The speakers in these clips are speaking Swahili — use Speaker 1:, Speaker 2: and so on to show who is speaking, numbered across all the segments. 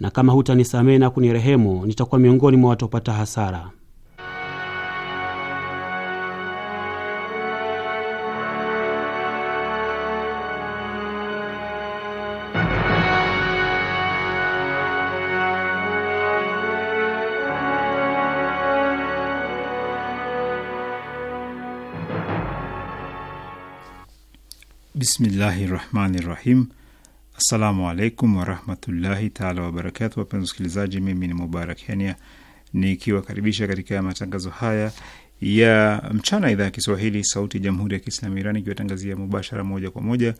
Speaker 1: na kama hutanisamehe na kunirehemu nitakuwa miongoni mwa watopata hasara.
Speaker 2: Bismillahi rahmani rahim. Assalamu alaikum warahmatullahi taala wabarakatu. Wapenzi wasikilizaji, mimi ni Mubarak Kenya nikiwakaribisha katika matangazo haya ya mchana, idhaa ya Kiswahili sauti ya jamhuri ya Kiislamu Iran ikiwatangazia mubashara moja kwa moja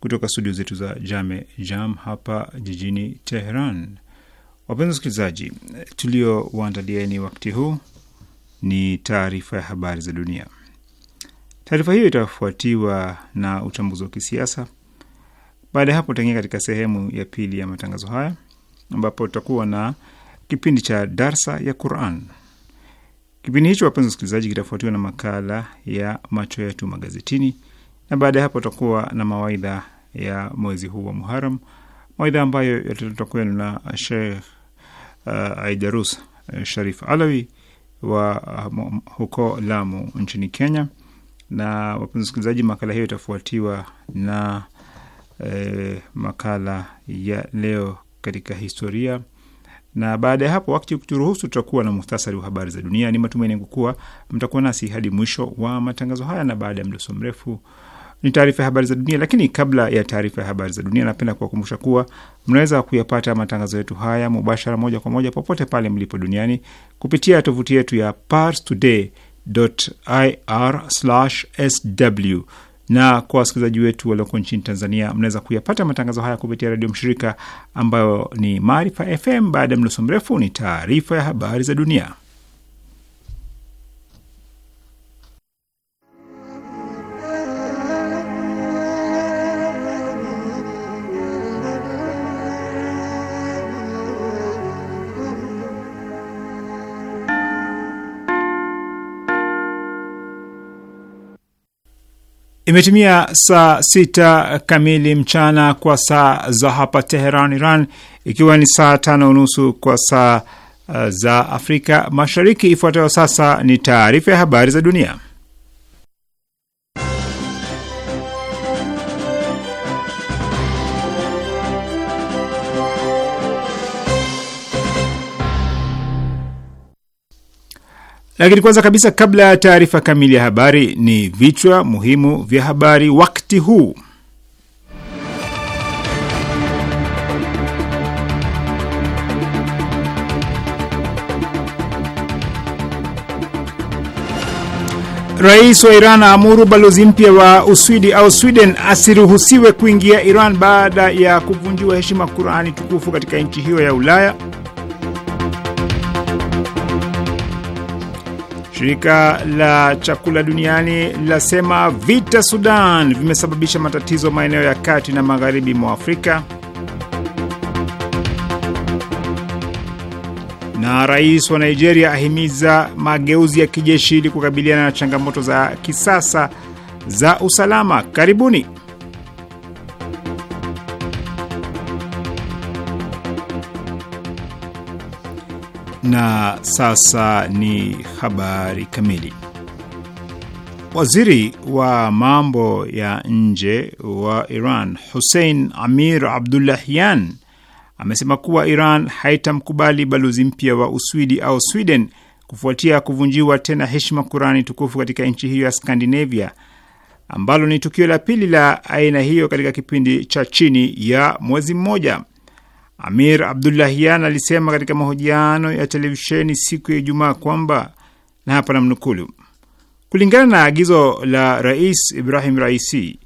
Speaker 2: kutoka studio zetu za Jame Jam hapa jijini Teheran. Wapenzi wasikilizaji, tuliowaandalieni wakti huu ni taarifa ya habari za dunia. Taarifa hiyo itafuatiwa na uchambuzi wa kisiasa baada ya hapo, tutaingia katika sehemu ya pili ya matangazo haya ambapo tutakuwa na kipindi cha darsa ya Quran. Kipindi hicho, wapenzi wasikilizaji, kitafuatiwa na makala ya macho yetu magazetini, na baada ya hapo tutakuwa na mawaidha ya mwezi huu wa Muharam, mawaidha ambayo yataletwa kwenu na Sheikh uh, Aidarus uh, Sharif Alawi wa uh, huko Lamu nchini Kenya. Na wapenzi wasikilizaji, makala hiyo itafuatiwa na Eh, makala ya leo katika historia, na baada ya hapo, wakati kuturuhusu, tutakuwa na muhtasari wa habari za dunia. Ni matumaini yangu kuwa mtakuwa nasi hadi mwisho wa matangazo haya, na baada ya mdoso mrefu ni taarifa ya habari za dunia. Lakini kabla ya taarifa ya habari za dunia, napenda kuwakumbusha kuwa mnaweza kuyapata matangazo yetu haya mubashara, moja kwa moja, popote pale mlipo duniani kupitia tovuti yetu ya parstoday.ir/sw na kwa wasikilizaji wetu walioko nchini Tanzania, mnaweza kuyapata matangazo haya kupitia redio mshirika ambayo ni Maarifa FM. Baada ya mloso mrefu, ni taarifa ya habari za dunia. Imetimia saa sita kamili mchana kwa saa za hapa Teheran, Iran, ikiwa ni saa tano unusu kwa saa uh, za Afrika Mashariki. Ifuatayo sasa ni taarifa ya habari za dunia. Lakini kwanza kabisa, kabla ya taarifa kamili ya habari, ni vichwa muhimu vya habari wakati huu. Rais wa Iran aamuru balozi mpya wa Uswidi au Sweden asiruhusiwe kuingia Iran baada ya kuvunjiwa heshima Qurani tukufu katika nchi hiyo ya Ulaya. Shirika la chakula duniani linasema vita Sudan vimesababisha matatizo maeneo ya kati na magharibi mwa Afrika. Na rais wa Nigeria ahimiza mageuzi ya kijeshi ili kukabiliana na changamoto za kisasa za usalama. Karibuni. Na sasa ni habari kamili. Waziri wa mambo ya nje wa Iran Hussein Amir Abdullahyan amesema kuwa Iran haitamkubali balozi mpya wa Uswidi au Sweden kufuatia kuvunjiwa tena heshima Kurani tukufu katika nchi hiyo ya Skandinavia, ambalo ni tukio la pili la aina hiyo katika kipindi cha chini ya mwezi mmoja. Amir Abdullahian alisema katika mahojiano ya televisheni siku ya Ijumaa kwamba na hapa namnukulu, kulingana na agizo la Rais Ibrahim Raisi,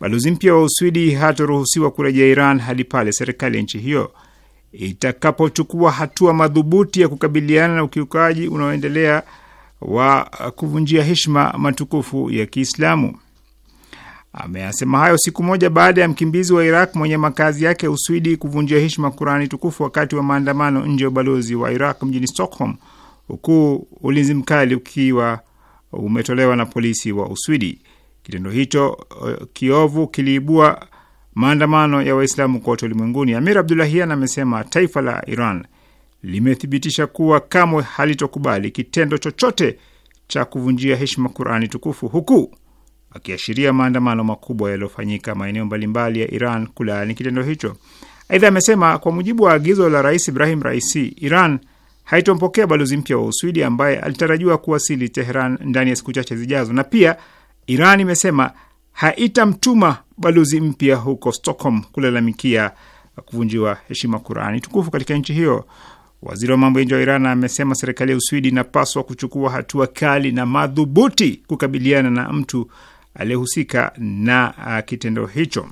Speaker 2: balozi mpya wa Uswidi hatoruhusiwa kurejea Iran hadi pale serikali ya nchi hiyo itakapochukua hatua madhubuti ya kukabiliana na ukiukaji unaoendelea wa kuvunjia heshima matukufu ya Kiislamu. Ameyasema hayo siku moja baada ya mkimbizi wa Iraq mwenye makazi yake Uswidi kuvunjia heshima Kurani tukufu wakati wa maandamano nje ya ubalozi wa Iraq mjini Stockholm, huku ulinzi mkali ukiwa umetolewa na polisi wa Uswidi. Kitendo hicho uh, kiovu kiliibua maandamano ya Waislamu kote ulimwenguni. Amir Abdulahian amesema taifa la Iran limethibitisha kuwa kamwe halitokubali kitendo chochote cha kuvunjia heshima Qurani tukufu huku akiashiria maandamano makubwa yaliyofanyika maeneo mbalimbali ya Iran kulaani kitendo hicho. Aidha amesema kwa mujibu wa agizo la Rais Ibrahim Raisi, Iran haitompokea balozi mpya wa Uswidi ambaye alitarajiwa kuwasili Teheran ndani ya siku chache zijazo, na pia Iran imesema haitamtuma balozi mpya huko Stockholm kulalamikia kuvunjiwa heshima Qurani tukufu katika nchi hiyo. Waziri wa mambo ya nje wa Iran amesema serikali ya Uswidi inapaswa kuchukua hatua kali na madhubuti kukabiliana na mtu aliyehusika na uh, kitendo hicho.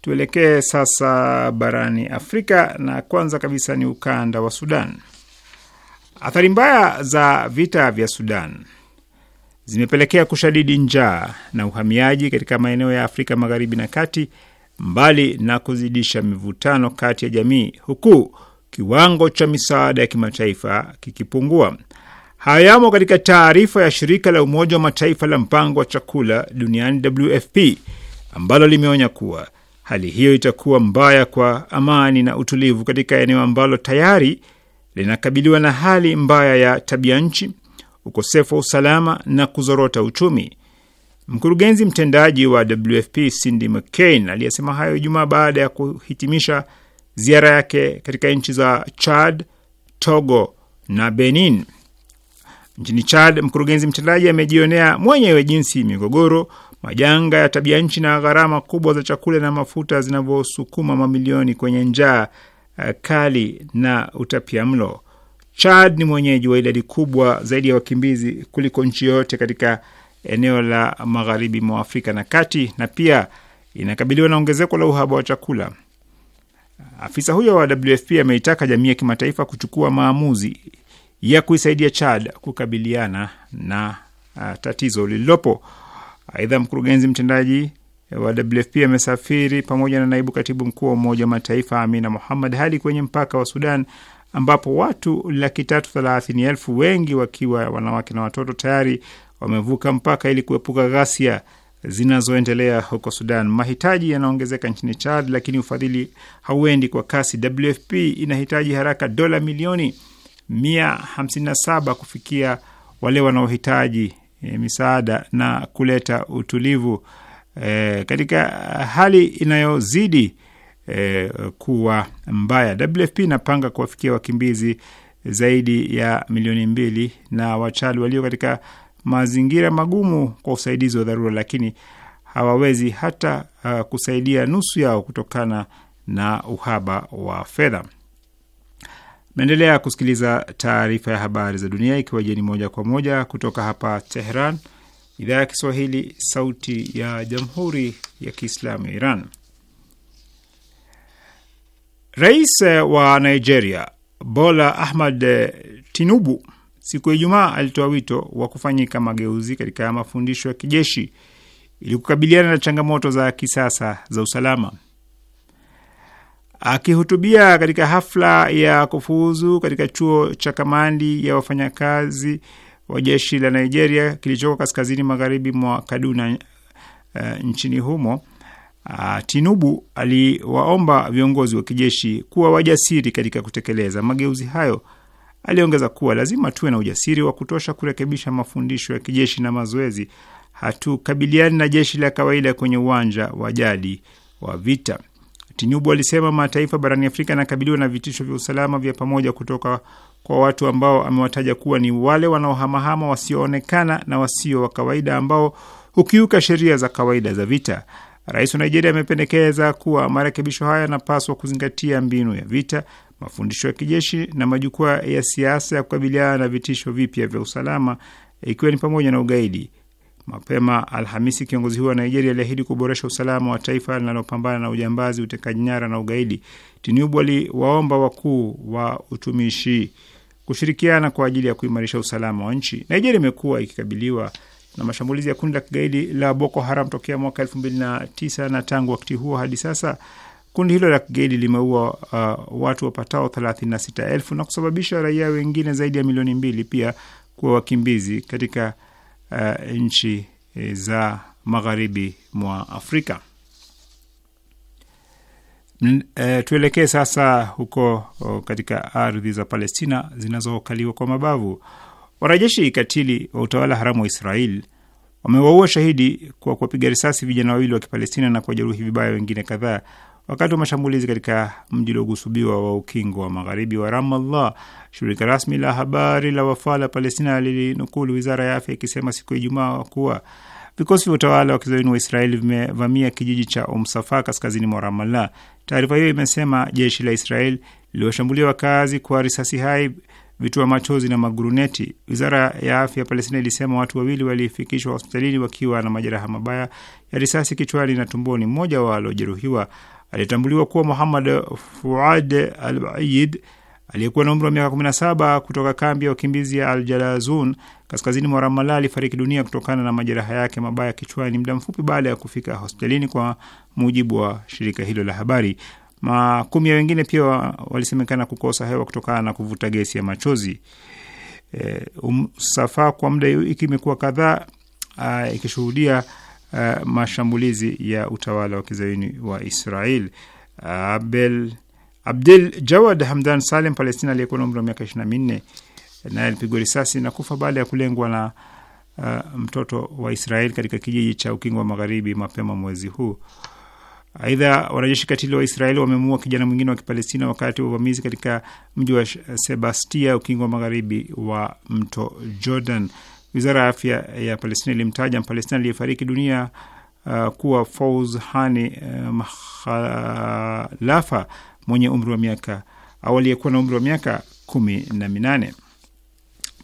Speaker 2: Tuelekee sasa barani Afrika na kwanza kabisa ni ukanda wa Sudan. Athari mbaya za vita vya Sudan zimepelekea kushadidi njaa na uhamiaji katika maeneo ya Afrika magharibi na kati, mbali na kuzidisha mivutano kati ya jamii, huku kiwango cha misaada ya kimataifa kikipungua hayamo katika taarifa ya shirika la Umoja wa Mataifa la mpango wa chakula duniani WFP ambalo limeonya kuwa hali hiyo itakuwa mbaya kwa amani na utulivu katika eneo ambalo tayari linakabiliwa na hali mbaya ya tabia nchi, ukosefu wa usalama na kuzorota uchumi. Mkurugenzi mtendaji wa WFP Cindy McCain aliyesema hayo Ijumaa baada ya kuhitimisha ziara yake katika nchi za Chad, Togo na Benin. Nchini Chad, mkurugenzi mtendaji amejionea mwenyewe jinsi migogoro, majanga ya tabia nchi na gharama kubwa za chakula na mafuta zinavyosukuma mamilioni kwenye njaa uh, kali na utapia mlo. Chad ni mwenyeji wa idadi kubwa zaidi ya wakimbizi kuliko nchi yoyote katika eneo la magharibi mwa Afrika na kati, na pia inakabiliwa na ongezeko la uhaba wa chakula. Afisa huyo wa WFP ameitaka jamii ya kimataifa kuchukua maamuzi ya kuisaidia Chad kukabiliana na uh, tatizo lililopo. Aidha, mkurugenzi mtendaji wa WFP amesafiri pamoja na naibu katibu mkuu wa Umoja wa Mataifa Amina Mohammad hadi kwenye mpaka wa Sudan ambapo watu laki tatu thelathini elfu wengi wakiwa wanawake na watoto tayari wamevuka mpaka ili kuepuka ghasia zinazoendelea huko Sudan. Mahitaji yanaongezeka nchini Chad, lakini ufadhili hauendi kwa kasi. WFP inahitaji haraka dola milioni 157 kufikia wale wanaohitaji e, misaada na kuleta utulivu e, katika hali inayozidi e, kuwa mbaya. WFP inapanga kuwafikia wakimbizi zaidi ya milioni mbili na wachali walio katika mazingira magumu kwa usaidizi wa dharura, lakini hawawezi hata uh, kusaidia nusu yao kutokana na uhaba wa fedha. Naendelea kusikiliza taarifa ya habari za dunia ikiwa jeni moja kwa moja kutoka hapa Tehran, idhaa ya Kiswahili, sauti ya jamhuri ya kiislamu ya Iran. Rais wa Nigeria Bola ahmad Tinubu siku ya Ijumaa alitoa wito wa kufanyika mageuzi katika mafundisho ya kijeshi ili kukabiliana na changamoto za kisasa za usalama. Akihutubia katika hafla ya kufuzu katika chuo cha kamandi ya wafanyakazi wa jeshi la Nigeria kilichoko kaskazini magharibi mwa Kaduna uh, nchini humo uh, Tinubu aliwaomba viongozi wa kijeshi kuwa wajasiri katika kutekeleza mageuzi hayo. Aliongeza kuwa lazima tuwe na ujasiri wa kutosha kurekebisha mafundisho ya kijeshi na mazoezi. Hatukabiliani na jeshi la kawaida kwenye uwanja wa jadi wa vita. Tinubu alisema mataifa barani Afrika yanakabiliwa na vitisho vya usalama vya pamoja kutoka kwa watu ambao amewataja kuwa ni wale wanaohamahama, wasioonekana na wasio wa kawaida ambao hukiuka sheria za kawaida za vita. Rais wa Nigeria amependekeza kuwa marekebisho haya yanapaswa kuzingatia mbinu ya vita, mafundisho ya kijeshi na majukwaa ya siasa ya kukabiliana na vitisho vipya vya usalama, ikiwa ni pamoja na ugaidi. Mapema Alhamisi, kiongozi huyo wa Nigeria aliahidi kuboresha usalama wa taifa linalopambana na ujambazi, utekaji nyara na ugaidi. Tinubu aliwaomba wakuu wa utumishi kushirikiana kwa ajili ya kuimarisha usalama wa nchi. Nigeria imekuwa ikikabiliwa na mashambulizi ya kundi la kigaidi la Boko Haram tokea mwaka elfu mbili na tisa na tangu wakati huo hadi sasa kundi hilo la kigaidi limeua uh, watu wapatao thelathini na sita elfu na kusababisha raia wengine zaidi ya milioni mbili pia kuwa wakimbizi katika uh, nchi eh, za magharibi mwa Afrika. E, tuelekee sasa huko o, katika ardhi za Palestina zinazokaliwa kwa mabavu. Wanajeshi katili wa utawala haramu wa Israel wamewaua shahidi kwa kuwapiga risasi vijana wawili wa Kipalestina na kuwajeruhi vibaya wengine kadhaa Wakati wa mashambulizi katika mji uliogusubiwa wa ukingo wa magharibi wa Ramallah, shirika rasmi la habari la Wafaa la Palestina lilinukulu wizara ya afya ikisema siku ya Ijumaa kuwa vikosi vya utawala wa kizayuni wa Israeli vimevamia kijiji cha Omsafa kaskazini mwa Ramallah. Taarifa hiyo imesema jeshi la Israeli liliwashambulia wakazi kwa risasi hai, vitoa machozi na maguruneti. Wizara ya afya ya Palestina ilisema watu wawili walifikishwa hospitalini wakiwa na majeraha mabaya ya risasi kichwani na tumboni, mmoja wa waliojeruhiwa alitambuliwa kuwa Muhammad Fuad Al-Baid aliyekuwa na umri wa miaka 17 kutoka kambi ya wakimbizi ya Al-Jalazun kaskazini mwa Ramallah alifariki dunia kutokana na majeraha yake mabaya kichwani muda mfupi baada ya kufika hospitalini, kwa mujibu wa shirika hilo la habari. Makumi ya wengine pia walisemekana kukosa hewa kutokana na kuvuta gesi ya machozi. E, um, safa kwa muda wiki imekuwa kadhaa ah, ikishuhudia uh, mashambulizi ya utawala wa kizayuni wa Israel. Abel, Abdel Jawad Hamdan Salem, Palestina, aliyekuwa na umri wa miaka ishirini na minne, naye alipigwa risasi na kufa baada ya kulengwa na uh, mtoto wa Israel katika kijiji cha Ukingo wa Magharibi mapema mwezi huu. Aidha, wanajeshi katili wa Israeli wamemuua kijana mwingine wa Kipalestina wakati wa uvamizi katika mji wa Sebastia, ukingo wa magharibi wa mto Jordan. Wizara ya afya ya Palestina ilimtaja Mpalestina aliyefariki dunia uh, kuwa Fauzhani uh, Mahalafa mwenye umri wa miaka au aliyekuwa na umri wa miaka kumi na minane.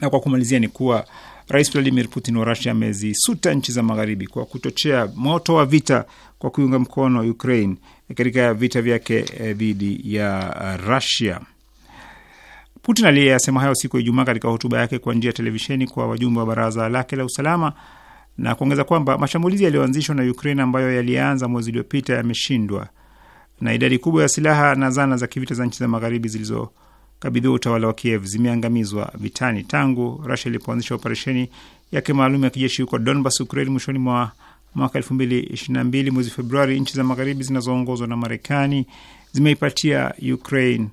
Speaker 2: Na kwa kumalizia ni kuwa Rais Vladimir Putin wa Rusia amezisuta nchi za Magharibi kwa kuchochea moto wa vita kwa kuiunga mkono Ukraine katika vita vyake eh, dhidi ya Rusia. Putin aliyeyasema hayo siku ya Ijumaa katika hotuba yake kwa njia ya televisheni kwa wajumbe wa baraza lake la usalama na kuongeza kwamba mashambulizi yaliyoanzishwa na Ukraine ambayo yalianza mwezi uliopita yameshindwa na idadi kubwa ya silaha na zana za kivita za nchi za magharibi zilizokabidhiwa utawala wa Kiev zimeangamizwa vitani tangu Rusia ilipoanzisha operesheni yake maalum ya kijeshi huko Donbas, Ukraine mwishoni mwa mwaka mbili mwezi Februari. Nchi za magharibi zinazoongozwa na Marekani zimeipatia Ukraine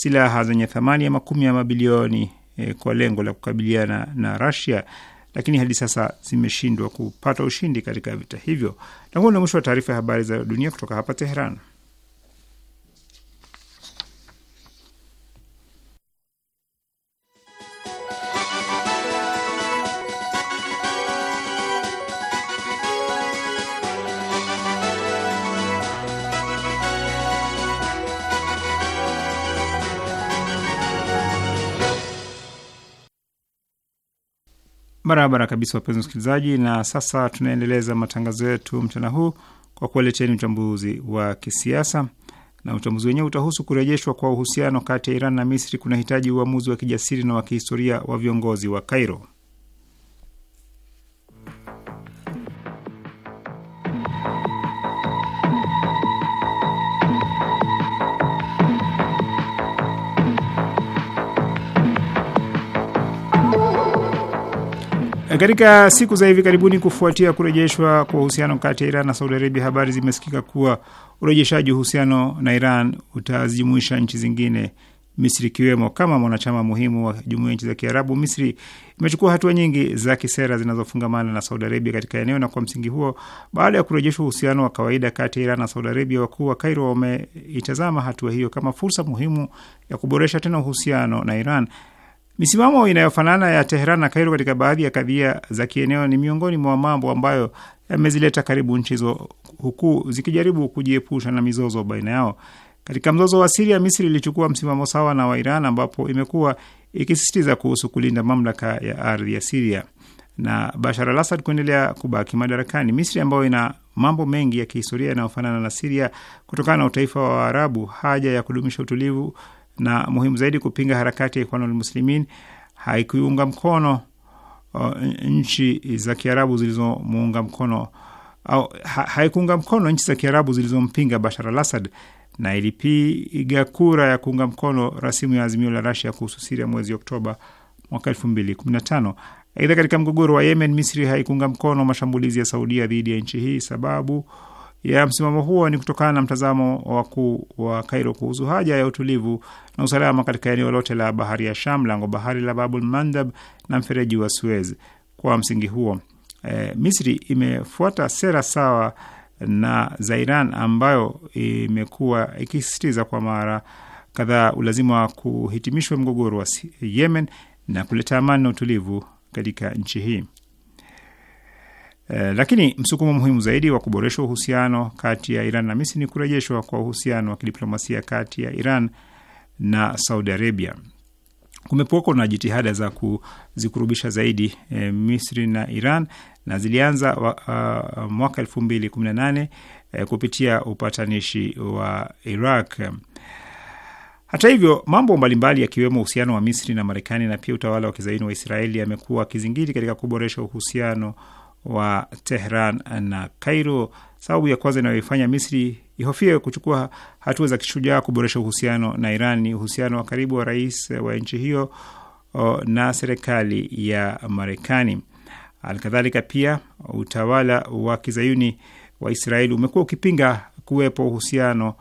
Speaker 2: silaha zenye thamani ya makumi ya mabilioni e, kwa lengo la kukabiliana na, na Russia, lakini hadi sasa zimeshindwa kupata ushindi katika vita hivyo. Na huo ni mwisho wa taarifa ya habari za dunia kutoka hapa teheran Barabara kabisa, wapenzi wasikilizaji, na sasa tunaendeleza matangazo yetu mchana huu kwa kuwaleteni uchambuzi wa kisiasa na uchambuzi wenyewe utahusu kurejeshwa kwa uhusiano kati ya Iran na Misri kunahitaji uamuzi wa kijasiri na wa kihistoria wa viongozi wa Kairo. Katika siku za hivi karibuni, kufuatia kurejeshwa kwa uhusiano kati ya Iran na Saudi Arabia, habari zimesikika kuwa urejeshaji uhusiano na Iran utazijumuisha nchi zingine Misri ikiwemo. Kama mwanachama muhimu wa jumuiya nchi za Kiarabu, Misri imechukua hatua nyingi za kisera zinazofungamana na Saudi Arabia katika eneo, na kwa msingi huo, baada ya kurejeshwa uhusiano wa kawaida kati ya Iran na Saudi Arabia, wakuu wa Kairo wameitazama hatua hiyo kama fursa muhimu ya kuboresha tena uhusiano na Iran Misimamo inayofanana ya Teheran na Kairo katika baadhi ya kadhia za kieneo ni miongoni mwa mambo ambayo yamezileta karibu nchi hizo, huku zikijaribu kujiepusha na mizozo baina yao. Katika mzozo wa Siria, Misri ilichukua msimamo sawa na wa Iran, ambapo imekuwa ikisisitiza kuhusu kulinda mamlaka ya ardhi ya Siria na Bashar al Assad kuendelea kubaki madarakani. Misri ambayo ina mambo mengi ya kihistoria yanayofanana na Siria kutokana na utaifa wa Waarabu, haja ya kudumisha utulivu na muhimu zaidi, kupinga harakati ya Ikhwanul Muslimin haikuiunga mkono uh, nchi za Kiarabu zilizomuunga mkono au ha, haikuunga mkono nchi za Kiarabu zilizompinga Bashar al Asad na ilipiga kura ya kuunga mkono rasimu ya azimio la Rasia kuhusu Siria mwezi Oktoba mwaka elfu mbili kumi na tano. Aidha, katika mgogoro wa Yemen, Misri haikuunga mkono mashambulizi ya Saudia dhidi ya nchi hii sababu ya msimamo huo ni kutokana na mtazamo wakuu wa Kairo kuhusu haja ya utulivu na usalama katika eneo lote la bahari ya Sham, lango bahari la Babul Mandab na mfereji wa Suez. Kwa msingi huo e, Misri imefuata sera sawa na za Iran ambayo imekuwa ikisisitiza kwa mara kadhaa ulazima wa kuhitimishwa mgogoro wa Yemen na kuleta amani na utulivu katika nchi hii. Eh, lakini msukumo muhimu zaidi wa kuboresha uhusiano kati ya Iran na Misri ni kurejeshwa kwa uhusiano wa kidiplomasia kati ya Iran na Saudi Arabia. Kumepokwa na jitihada za kuzikurubisha zaidi e, Misri na Iran na zilianza wa, uh, mwaka elfu mbili kumi na nane e, kupitia upatanishi wa Iraq. Hata hivyo mambo mbalimbali yakiwemo uhusiano wa Misri na Marekani na pia utawala wa kizaini wa Israeli yamekuwa kizingiti katika kuboresha uhusiano wa Tehran na Kairo. Sababu ya kwanza inayoifanya Misri ihofie kuchukua hatua za kishujaa kuboresha uhusiano na Iran ni uhusiano wa karibu wa rais wa nchi hiyo na serikali ya Marekani. Alkadhalika, pia utawala wa kizayuni wa Israeli umekuwa ukipinga kuwepo uhusiano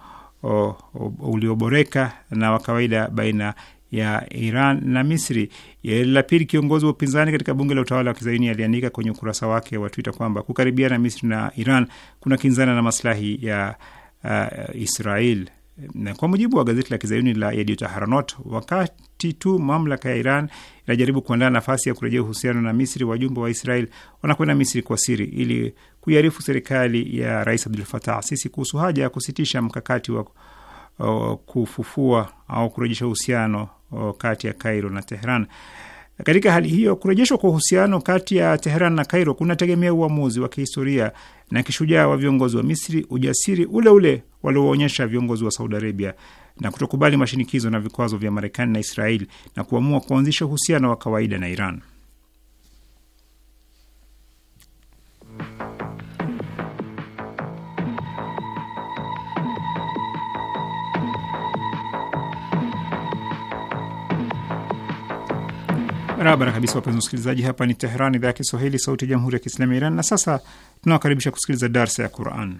Speaker 2: ulioboreka na wa kawaida baina ya Iran na Misri. La pili, kiongozi wa upinzani katika bunge la utawala wa kizaini aliandika kwenye ukurasa wake wa Twitter kwamba kukaribiana Misri na Iran kuna kinzana na maslahi ya uh, Israel. Na kwa mujibu wa gazeti la kizaini la Yediot Aharonot, wakati tu mamlaka ya Iran inajaribu kuandaa nafasi ya kurejea uhusiano na Misri, wajumbe wa Israel wanakwenda Misri kwa siri ili kuiarifu serikali ya Rais Abdul Fatah Sisi kuhusu haja ya kusitisha mkakati wa kufufua au kurejesha uhusiano kati ya Kairo na teheran Katika hali hiyo, kurejeshwa kwa uhusiano kati ya teheran na Kairo kunategemea uamuzi wa kihistoria na kishujaa wa viongozi wa Misri, ujasiri ule ule walioonyesha viongozi wa Saudi Arabia na kutokubali mashinikizo na vikwazo vya Marekani na Israeli na kuamua kuanzisha uhusiano wa kawaida na Iran. Barabara kabisa, wapenzi wasikilizaji, hapa ni teheran idhaa ya Kiswahili, sauti ya jamhuri ya kiislamu ya Iran. Na sasa tunawakaribisha kusikiliza darsa ya Quran.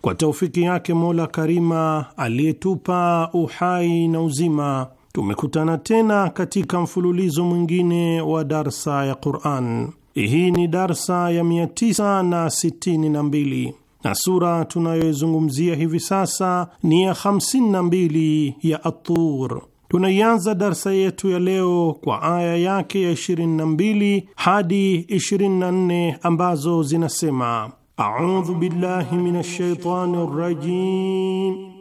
Speaker 3: kwa taufiki yake Mola Karima aliyetupa uhai na uzima, tumekutana tena katika mfululizo mwingine wa darsa ya Quran. Hii ni darsa ya 962 na sura tunayoizungumzia hivi sasa ni ya 52 ya At-Tur. Tunaianza darsa yetu ya leo kwa aya yake ya 22 hadi 24 ambazo zinasema أعوذ بالله من الشيطان الرجيم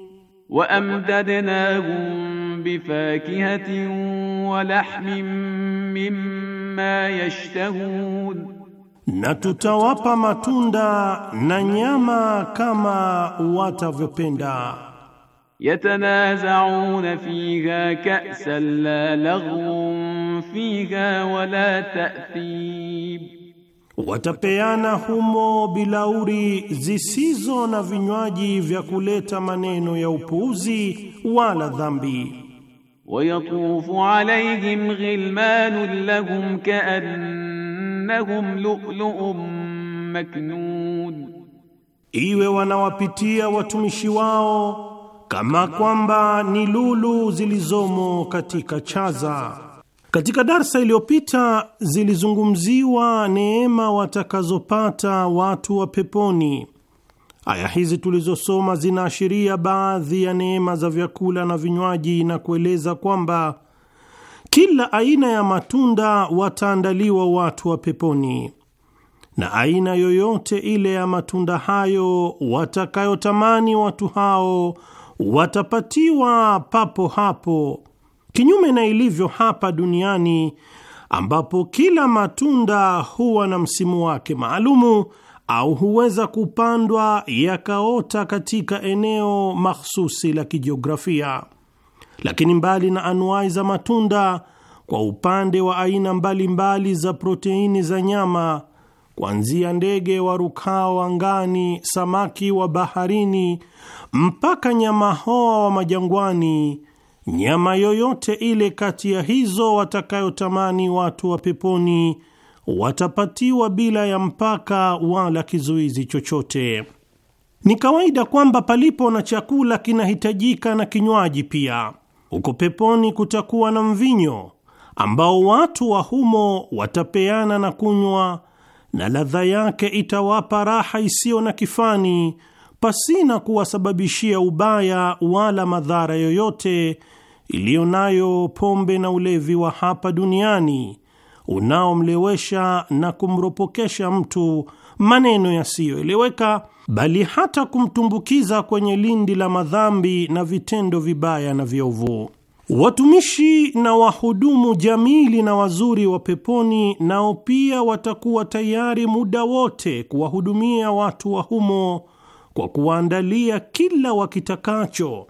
Speaker 4: وأمددناهم بفاكهة ولحم مما يشتهون
Speaker 3: نتتوابى ماتوندا نانياما كما فيبندا
Speaker 4: يتنازعون فيها كأسا لا لغو فيها ولا تأثيب
Speaker 3: watapeana humo bilauri zisizo na vinywaji vya kuleta maneno ya upuuzi
Speaker 4: wala dhambi. wayatufu alayhim ghilmanun lahum kaannahum lu'lu'un maknun, iwe wanawapitia watumishi wao kama
Speaker 3: kwamba ni lulu zilizomo katika chaza katika darsa iliyopita zilizungumziwa neema watakazopata watu wa peponi. Aya hizi tulizosoma zinaashiria baadhi ya neema za vyakula na vinywaji na kueleza kwamba kila aina ya matunda wataandaliwa watu wa peponi, na aina yoyote ile ya matunda hayo watakayotamani watu hao watapatiwa papo hapo kinyume na ilivyo hapa duniani ambapo kila matunda huwa na msimu wake maalumu au huweza kupandwa yakaota katika eneo mahsusi la kijiografia. Lakini mbali na anuai za matunda, kwa upande wa aina mbalimbali mbali za proteini za nyama, kuanzia ndege wa warukao angani, samaki wa baharini, mpaka nyama hoa wa majangwani nyama yoyote ile kati ya hizo watakayotamani watu wa peponi watapatiwa bila ya mpaka wala kizuizi chochote. Ni kawaida kwamba palipo na chakula kinahitajika na kinywaji pia. Huko peponi kutakuwa na mvinyo ambao watu wa humo watapeana na kunywa, na ladha yake itawapa raha isiyo na kifani, pasina kuwasababishia ubaya wala madhara yoyote iliyo nayo pombe na ulevi wa hapa duniani unaomlewesha na kumropokesha mtu maneno yasiyoeleweka, bali hata kumtumbukiza kwenye lindi la madhambi na vitendo vibaya na vyovu. Watumishi na wahudumu jamili na wazuri wa peponi nao pia watakuwa tayari muda wote kuwahudumia watu wa humo kwa kuwaandalia kila wakitakacho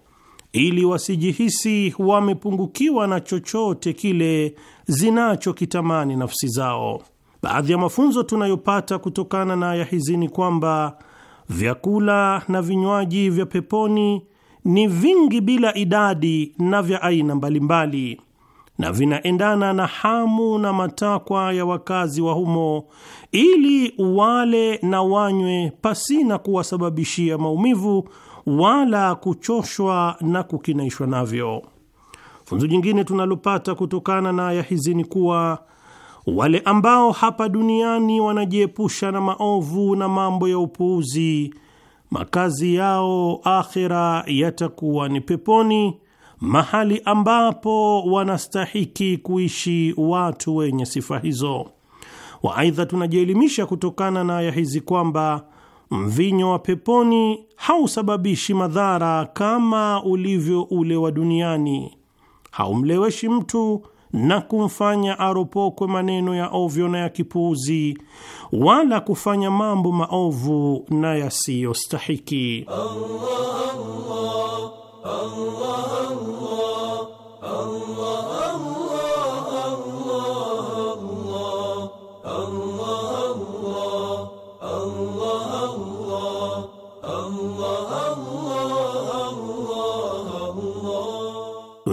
Speaker 3: ili wasijihisi wamepungukiwa na chochote kile zinachokitamani nafsi zao. Baadhi ya mafunzo tunayopata kutokana na aya hizi ni kwamba vyakula na vinywaji vya peponi ni vingi bila idadi na vya aina mbalimbali, na vinaendana na hamu na matakwa ya wakazi wa humo, ili wale na wanywe pasina kuwasababishia maumivu wala kuchoshwa na kukinaishwa navyo. Funzo jingine tunalopata kutokana na aya hizi ni kuwa wale ambao hapa duniani wanajiepusha na maovu na mambo ya upuuzi, makazi yao akhira yatakuwa ni peponi, mahali ambapo wanastahiki kuishi watu wenye sifa hizo. Waaidha, tunajielimisha kutokana na aya hizi kwamba Mvinyo wa peponi hausababishi madhara kama ulivyo ule wa duniani, haumleweshi mtu na kumfanya aropokwe maneno ya ovyo na ya kipuuzi, wala kufanya mambo maovu na yasiyostahiki.
Speaker 5: Allah, Allah, Allah.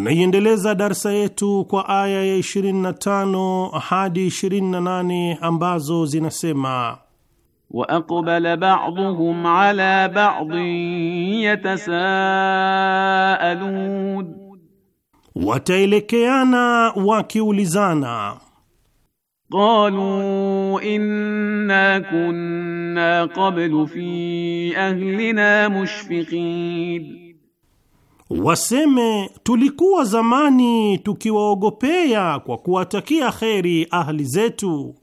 Speaker 3: Tunaiendeleza darsa yetu kwa aya ya 25 hadi 28 ambazo zinasema: wa aqbala
Speaker 4: ba'dhum ala ba'dhin yatasaalun,
Speaker 3: wataelekeana wakiulizana.
Speaker 4: Qalu inna kunna qablu fi ahlina mushfiqin
Speaker 3: waseme tulikuwa zamani tukiwaogopea kwa kuwatakia
Speaker 4: kheri ahli zetu.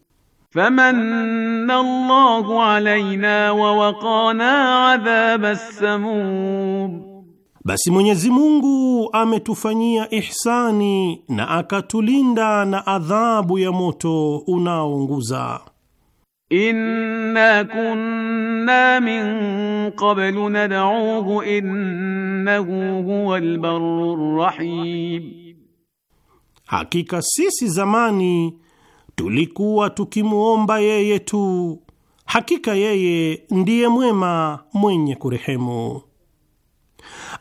Speaker 4: famanna Allahu alaina wa waqana adhab as-samum, basi Mwenyezi
Speaker 3: Mungu ametufanyia ihsani na akatulinda na adhabu
Speaker 4: ya moto unaounguza. Inna kunna min qablu nad'uuhu innahu huwal barrur rahim,
Speaker 3: hakika sisi zamani tulikuwa tukimwomba yeye tu, hakika yeye ndiye mwema mwenye kurehemu.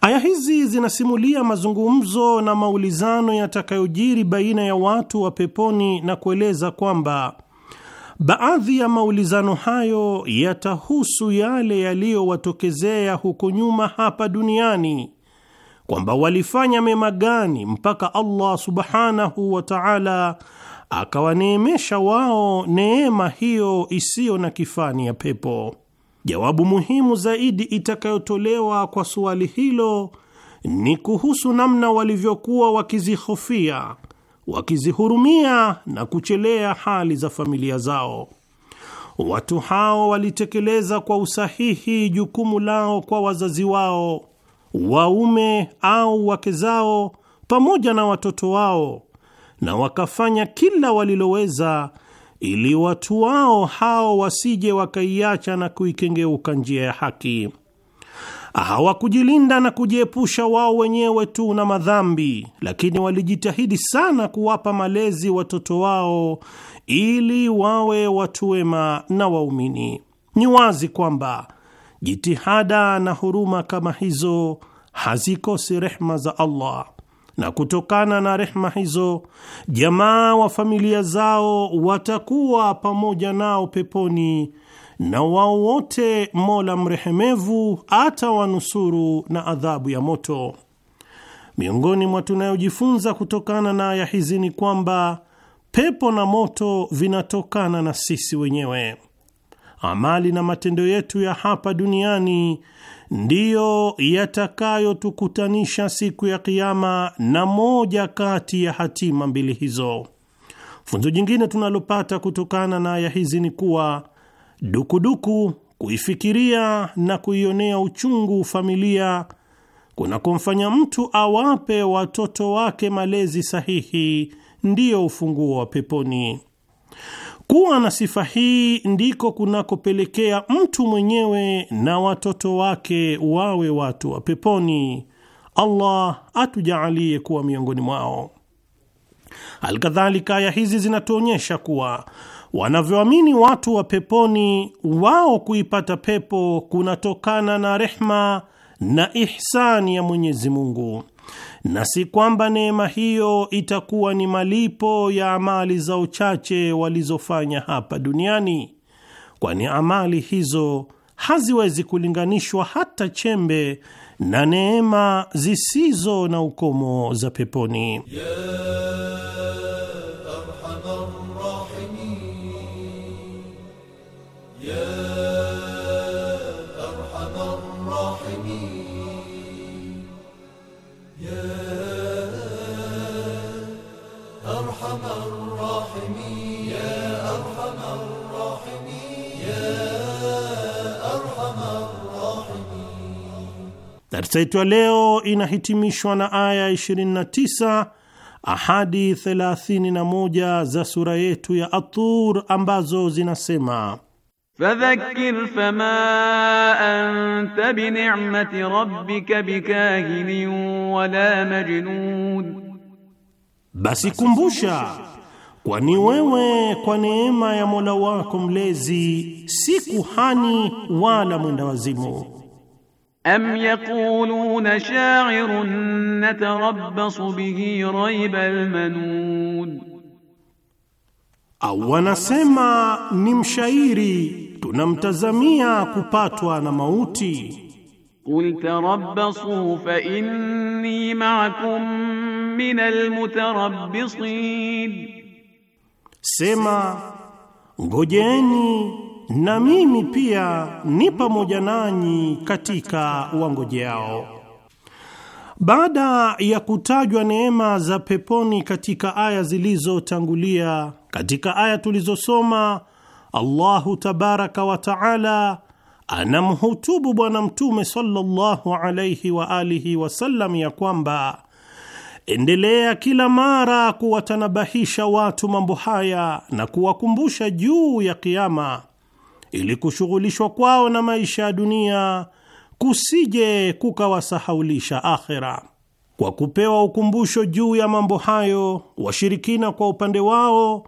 Speaker 3: Aya hizi zinasimulia mazungumzo na maulizano yatakayojiri baina ya watu wa peponi na kueleza kwamba Baadhi ya maulizano hayo yatahusu yale yaliyowatokezea huko nyuma hapa duniani, kwamba walifanya mema gani mpaka Allah subhanahu wa ta'ala akawaneemesha wao neema hiyo isiyo na kifani ya pepo. Jawabu muhimu zaidi itakayotolewa kwa suali hilo ni kuhusu namna walivyokuwa wakizihofia wakizihurumia na kuchelea hali za familia zao. Watu hao walitekeleza kwa usahihi jukumu lao kwa wazazi wao, waume au wake zao, pamoja na watoto wao, na wakafanya kila waliloweza ili watu wao hao wasije wakaiacha na kuikengeuka njia ya haki hawakujilinda na kujiepusha wao wenyewe tu na madhambi, lakini walijitahidi sana kuwapa malezi watoto wao ili wawe watu wema na waumini. Ni wazi kwamba jitihada na huruma kama hizo hazikosi rehma za Allah, na kutokana na rehma hizo jamaa wa familia zao watakuwa pamoja nao peponi na wao wote Mola mrehemevu atawanusuru na adhabu ya moto. Miongoni mwa tunayojifunza kutokana na aya hizi ni kwamba pepo na moto vinatokana na sisi wenyewe. Amali na matendo yetu ya hapa duniani ndiyo yatakayotukutanisha siku ya Kiama na moja kati ya hatima mbili hizo. Funzo jingine tunalopata kutokana na aya hizi ni kuwa Dukuduku kuifikiria na kuionea uchungu familia kunakomfanya mtu awape watoto wake malezi sahihi ndiyo ufunguo wa peponi. Kuwa na sifa hii ndiko kunakopelekea mtu mwenyewe na watoto wake wawe watu wa peponi. Allah atujaalie kuwa miongoni mwao. Alkadhalika, aya hizi zinatuonyesha kuwa wanavyoamini watu wa peponi, wao kuipata pepo kunatokana na rehma na ihsani ya Mwenyezi Mungu, na si kwamba neema hiyo itakuwa ni malipo ya amali za uchache walizofanya hapa duniani, kwani amali hizo haziwezi kulinganishwa hata chembe na neema zisizo na ukomo za peponi yeah. Darsa yetu ya leo inahitimishwa na aya 29 ahadi 31 za sura yetu ya Atur ambazo zinasema:
Speaker 4: Fadhakir fama anta binicmati rabbika bikahini wala majnun,
Speaker 3: basi kumbusha, kwani wewe kwa neema ya Mola wako mlezi si kuhani wala mwenda wazimu
Speaker 4: am يقولون شاعر نتربص به ريب المنون
Speaker 3: au wanasema ni mshairi tunamtazamia kupatwa na mauti.
Speaker 4: Qul tarabbasu fa inni ma'akum min almutarabbisin,
Speaker 3: sema ngojeni na mimi pia ni pamoja nanyi katika wangojeao. Baada ya kutajwa neema za peponi katika aya zilizotangulia, katika aya tulizosoma, Allahu tabaraka wa taala anamhutubu Bwana Mtume sallallahu alaihi wa alihi wasallam ya kwamba endelea kila mara kuwatanabahisha watu mambo haya na kuwakumbusha juu ya kiama ili kushughulishwa kwao na maisha ya dunia kusije kukawasahaulisha akhera. Kwa kupewa ukumbusho juu ya mambo hayo, washirikina kwa upande wao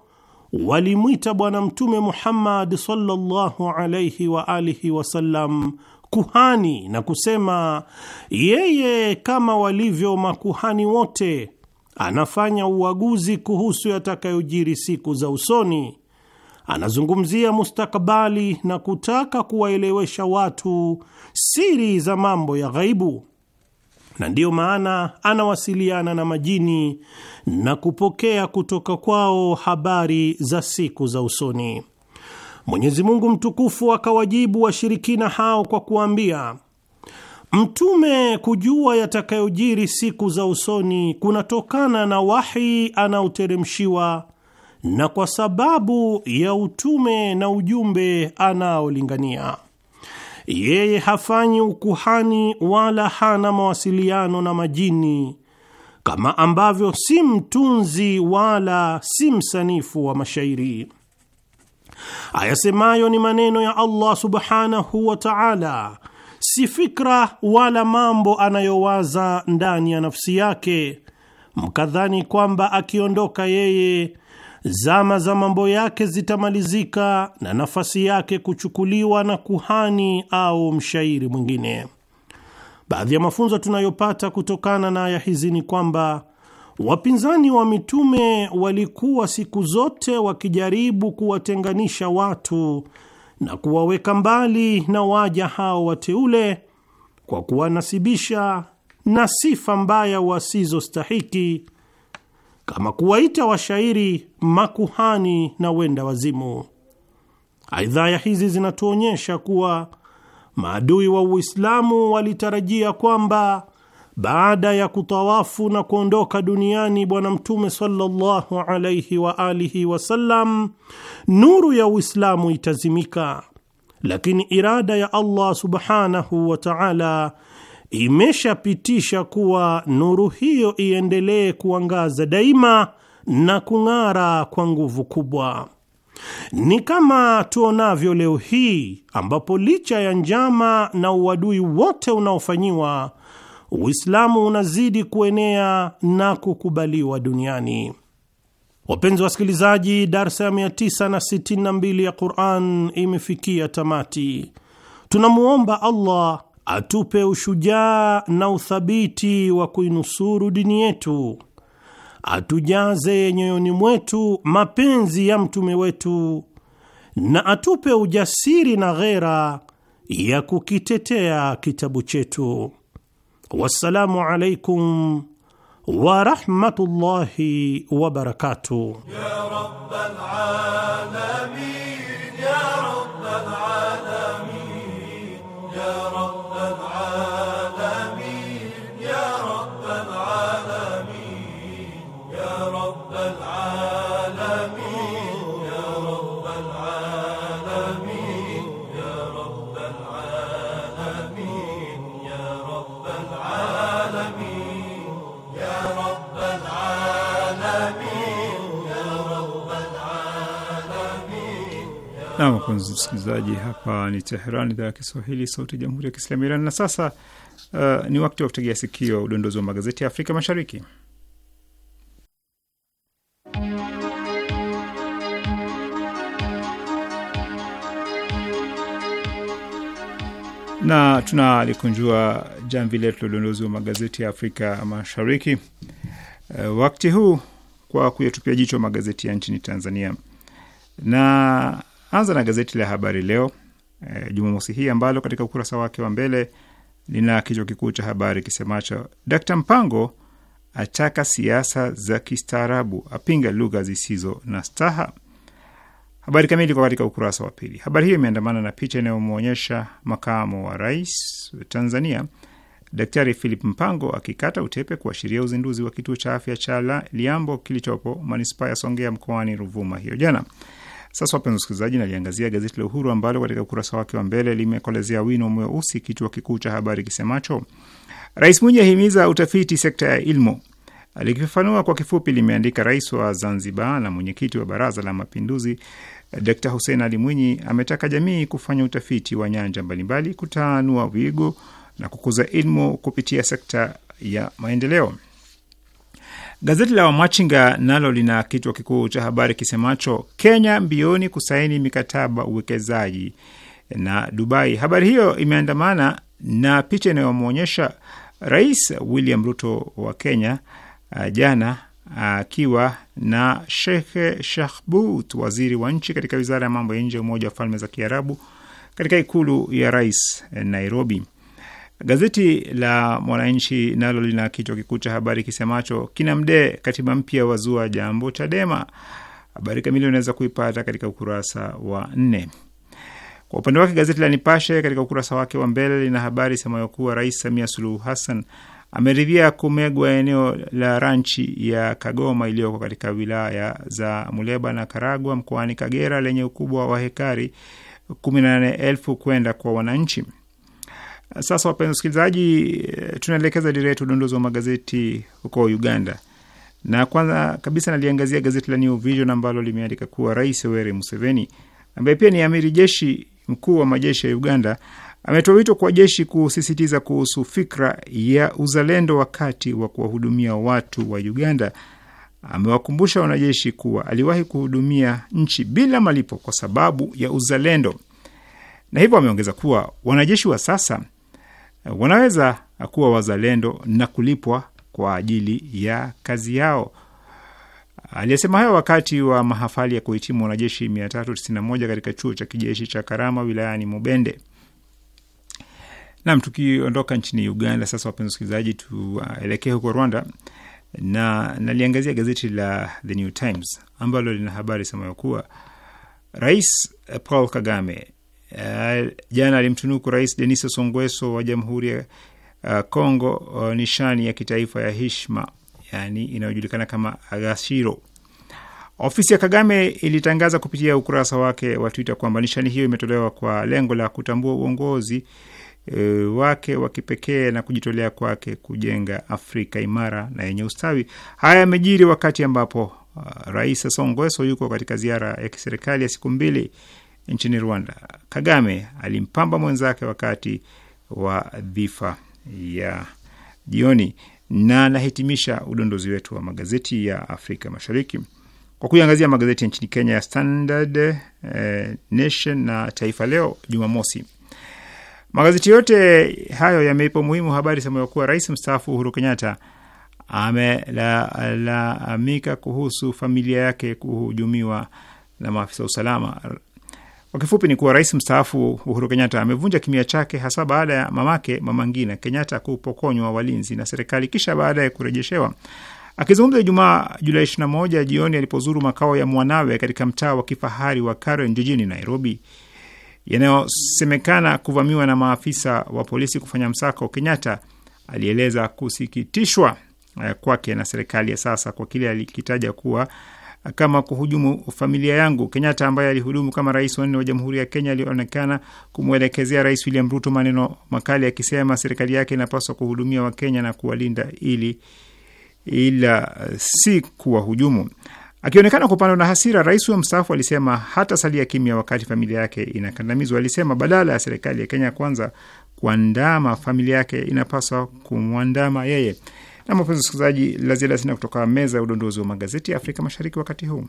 Speaker 3: walimwita Bwana Mtume Muhammad sallallahu alayhi wa alihi wasallam kuhani na kusema, yeye kama walivyo makuhani wote anafanya uaguzi kuhusu yatakayojiri siku za usoni anazungumzia mustakabali na kutaka kuwaelewesha watu siri za mambo ya ghaibu, na ndiyo maana anawasiliana na majini na kupokea kutoka kwao habari za siku za usoni. Mwenyezi Mungu mtukufu akawajibu washirikina hao kwa kuambia Mtume kujua yatakayojiri siku za usoni kunatokana na wahi anaoteremshiwa na kwa sababu ya utume na ujumbe anaolingania. Yeye hafanyi ukuhani wala hana mawasiliano na majini, kama ambavyo si mtunzi wala si msanifu wa mashairi. Ayasemayo ni maneno ya Allah subhanahu wa ta'ala, si fikra wala mambo anayowaza ndani ya nafsi yake, mkadhani kwamba akiondoka yeye Zama za mambo yake zitamalizika na nafasi yake kuchukuliwa na kuhani au mshairi mwingine. Baadhi ya mafunzo tunayopata kutokana na aya hizi ni kwamba wapinzani wa mitume walikuwa siku zote wakijaribu kuwatenganisha watu na kuwaweka mbali na waja hao wateule kwa kuwanasibisha na sifa mbaya wasizostahiki kama kuwaita washairi, makuhani na wenda wazimu. Aidha, ya hizi zinatuonyesha kuwa maadui wa Uislamu walitarajia kwamba baada ya kutawafu na kuondoka duniani Bwana Mtume sallallahu alaihi wa alihi wasallam, nuru ya Uislamu itazimika, lakini irada ya Allah subhanahu wa taala imeshapitisha kuwa nuru hiyo iendelee kuangaza daima na kung'ara kwa nguvu kubwa. Ni kama tuonavyo leo hii ambapo licha ya njama na uadui wote unaofanyiwa Uislamu unazidi kuenea na kukubaliwa duniani. Wapenzi wasikilizaji, darsa ya 962 ya Quran imefikia tamati. Tunamwomba Allah atupe ushujaa na uthabiti wa kuinusuru dini yetu, atujaze nyoyoni mwetu mapenzi ya mtume wetu, na atupe ujasiri na ghera ya kukitetea kitabu chetu. Wassalamu alaikum warahmatullahi wabarakatuh. Ya rabbal alamin, ya rabbal alamin, ya rabbal
Speaker 2: Na mpenzi msikilizaji, hapa ni Teheran, idhaa ya Kiswahili, sauti ya jamhuri ya kiislamu Iran. Na sasa uh, ni wakati wa kutegea sikio udondozi wa magazeti ya Afrika Mashariki. na tunalikunjua jamvi letu la udondozi wa magazeti ya Afrika Mashariki uh, wakti huu kwa kuyatupia jicho magazeti ya nchini Tanzania na Naanza na gazeti la Habari Leo e, Jumamosi hii ambalo katika ukurasa wake wa mbele lina kichwa kikuu cha habari kisemacho Dkt Mpango ataka siasa za kistaarabu, apinga lugha zisizo na staha. Habari kamili iko katika ukurasa wa pili. Habari hiyo imeandamana na picha inayomwonyesha makamu wa rais wa Tanzania Daktari Philip Mpango akikata utepe kuashiria uzinduzi wa kituo cha afya cha Liambo kilichopo manispaa ya Songea mkoani Ruvuma hiyo jana. Sasa wapenzi wasikilizaji, naliangazia gazeti la Uhuru ambalo katika ukurasa wake wa mbele limekolezea wino mweusi kichwa kikuu cha habari kisemacho Rais Mwinyi ahimiza utafiti sekta ya ilmu Likifafanua kwa kifupi, limeandika rais wa Zanzibar na mwenyekiti wa Baraza la Mapinduzi d Hussein Ali Mwinyi ametaka jamii kufanya utafiti wa nyanja mbalimbali, kutaanua wigo na kukuza ilmu kupitia sekta ya maendeleo. Gazeti la Wamachinga nalo lina kichwa kikuu cha habari kisemacho Kenya mbioni kusaini mikataba uwekezaji na Dubai. Habari hiyo imeandamana na picha inayomwonyesha Rais William Ruto wa Kenya uh, jana uh, akiwa uh, na shekhe Shahbut, waziri wa nchi katika wizara ya mambo ya nje ya Umoja wa Falme za Kiarabu, katika ikulu ya rais Nairobi. Gazeti la Mwananchi nalo lina kichwa kikuu cha habari kisemacho kina Mdee katiba mpya wazua jambo Chadema. Habari kamili unaweza kuipata katika ukurasa wa nne. Kwa upande wake gazeti la Nipashe katika ukurasa wake wa mbele lina habari semayo kuwa Rais Samia Suluhu Hassan ameridhia kumegwa eneo la ranchi ya Kagoma iliyoko katika wilaya za Muleba na Karagwa mkoani Kagera lenye ukubwa wa hekari 18,000 kwenda kwa wananchi. Sasa wapenzi wasikilizaji, eh, tunaelekeza dira yetu udondozi wa magazeti huko Uganda, na kwanza kabisa naliangazia gazeti la New Vision ambalo limeandika kuwa Rais Yoweri Museveni ambaye pia ni amiri jeshi mkuu wa majeshi ya Uganda ametoa wito kwa jeshi kusisitiza kuhusu fikra ya uzalendo wakati wa kuwahudumia watu wa Uganda. Amewakumbusha wanajeshi kuwa aliwahi kuhudumia nchi bila malipo kwa sababu ya uzalendo, na hivyo ameongeza kuwa wanajeshi wa sasa wanaweza kuwa wazalendo na kulipwa kwa ajili ya kazi yao. Aliyesema hayo wakati wa mahafali ya kuhitimu wanajeshi 391 katika chuo cha kijeshi cha Karama wilayani Mubende. Nam, tukiondoka nchini Uganda sasa, wapenzi wasikilizaji, tuelekee huko Rwanda na naliangazia gazeti la The New Times ambalo lina habari semayo kuwa Rais Paul Kagame uh, jana alimtunuku Rais Denis Sassou Nguesso wa Jamhuri ya uh, eh, Kongo uh, eh, nishani ya kitaifa ya heshima, yani inayojulikana kama Agashiro. Ofisi ya Kagame ilitangaza kupitia ukurasa wake wa Twitter kwamba nishani hiyo imetolewa kwa lengo la kutambua uongozi E, wake wa kipekee na kujitolea kwake kujenga Afrika imara na yenye ustawi. Haya yamejiri wakati ambapo uh, Rais Sassou Nguesso yuko katika ziara ya kiserikali ya siku mbili nchini Rwanda. Kagame alimpamba mwenzake wakati wa dhifa ya jioni, na nahitimisha udondozi wetu wa magazeti ya Afrika Mashariki kwa kuiangazia magazeti ya nchini Kenya ya Standard, eh, Nation na Taifa Leo Jumamosi. Magazeti yote hayo yameipa umuhimu habari semayo kuwa rais mstaafu Uhuru Kenyatta amelalamika kuhusu familia yake kuhujumiwa na maafisa wa usalama. Kwa kifupi ni kuwa rais mstaafu Uhuru Kenyatta amevunja kimya chake hasa baada ya mamake Mama Ngina Kenyatta kupokonywa walinzi na serikali kisha baadaye kurejeshewa. Akizungumza Ijumaa Julai 21 jioni alipozuru makao ya mwanawe katika mtaa wa kifahari wa Karen jijini Nairobi yanayosemekana kuvamiwa na maafisa wa polisi kufanya msako, Kenyatta alieleza kusikitishwa eh, kwake na serikali ya sasa kwa kile alikitaja kuwa kama kuhujumu familia yangu. Kenyatta ambaye alihudumu kama rais wanne wa Jamhuri ya Kenya alionekana kumwelekezea Rais William Ruto maneno makali akisema serikali yake inapaswa kuhudumia Wakenya na kuwalinda ili ila si kuwahujumu. Akionekana kupandwa na hasira, rais huyo mstaafu alisema salia kimya wakati familia yake inakandamizwa. Alisema badala ya serikali ya Kenya kwanza kuandama familia yake, inapaswa kumwandama yeye. Na mapenzi wasikilizaji, la ziada sina kutoka meza ya udondozi wa magazeti ya Afrika Mashariki wakati huu